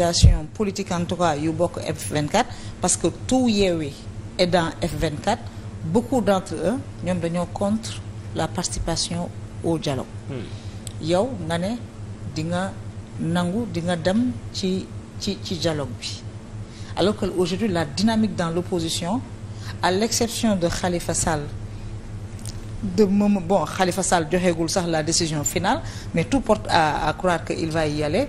organisation politique en tout cas yu bokk f parce que tout Yewwi est dans F24 beaucoup d'entre eux ñoom dañoo contre la participation au dialogue hmm. yow nga ne dinga nangu dinga dem ci ci ci dialogue bi alors que aujourd'hui la dinamique dans l'opposition à l'exception de Khalifa Sall de moom bon Khalifa Sall joxeegul sax la décision finale mais tout porte à, à croire que il va y aller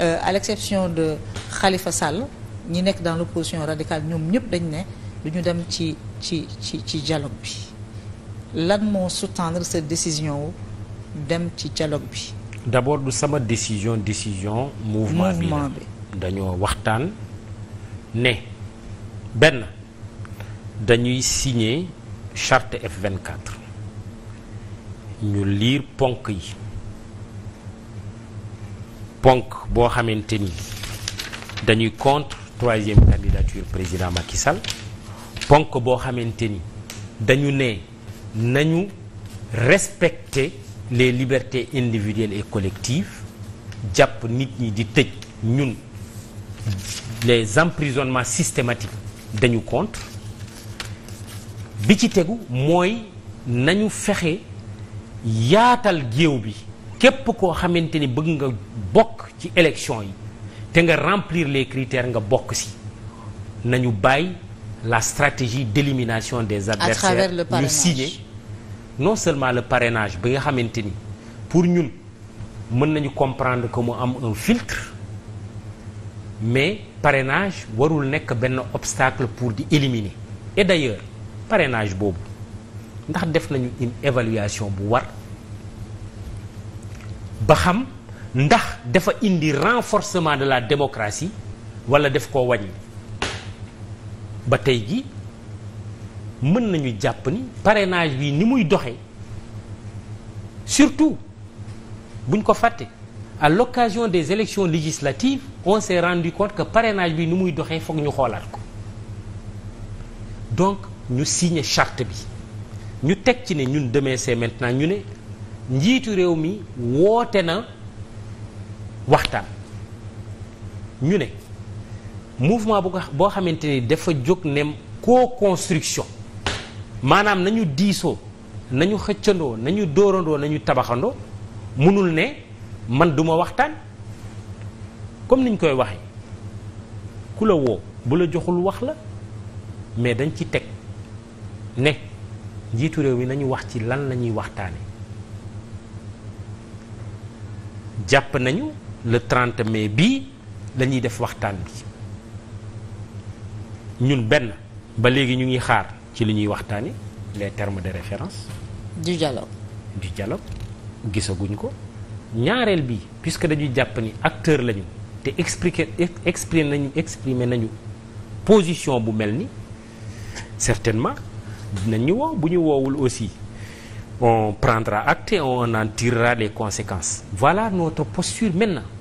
Euh, à l'exception de xalifa Sall ñi nekk dans l'opposition radicale ñoom ñëpp dañ ne du ñu dem ci ci ci ci dialogue bi lan moo sous-tendre cette décision dem ci dialogue bi d'abord du sama décision décision mouvement bi dañoo waxtaan ne benn dañuy signer charte F24 ñu liir ponk yi ponk boo xamante ni dañuy contre troisième candidature président Macky Sall ponk boo xamante ni dañu ne nañu respecte les libertés individuelles et collectives jàpp nit ñi di tëj ñun les emprisonnements systématiques dañu contre bi ci tegu mooy nañu fexe yaatal géew bi képp koo xamante ni bëgg nga bokk ci élection yi te nga remplir les critères nga bokk si nañu bàyyi la stratégie d'élimination des adversaires ñu signé non seulement le parrainage bi nga xamante ni pour ñun mën nañu comprendre ko mu am un filtre mais parenage warul nekk benn obstacle pour di éliminer et d'ailleurs parrainage boobu ndax def nañu une évaluation bu war ba xam ndax dafa indi renforcement de la démocratie wala def koo wañ ni ba tey ji mën nañu jàpp ni parrainage bi ni muy doxee surtout buñ ko fàtte à l'occasion des élections législatives on s'est rendu compte que parrainage bi ni muy doxee foog ñu xoolaat ko donc ñu signe charte bi ñu teg ci ne ñun demain c'est maintenant ñu ne njiitu réew mi woote na waxtaan ñu ne mouvement bu ko boo xamante ni dafa jóg ne co-construction maanaam nañu diisoo nañu xëccandoo nañu doorandoo nañu tabaxandoo mënul ne man duma waxtaan comme niñ koy waxee ku la woo bu la joxul wax la mais dañ ci teg ne njiitu réew mi nañu wax ci lan la ñuy waxtaane jàpp nañu le 30 mai bii la def waxtaan bi ñun benn ba léegi ñu ngi xaar ci li ñuy waxtaani les termes de référence. du dialogue. du dialogue gisaguñ ko ñaareel bi puisque dañuy jàpp ni acteur lañu te expliqué exprimer nañu exprimer nañu position bu mel ni certainement dinañ ñu woo bu ñu woowul aussi. on prendra acte et on en tirera les conséquences. Voilà notre posture maintenant.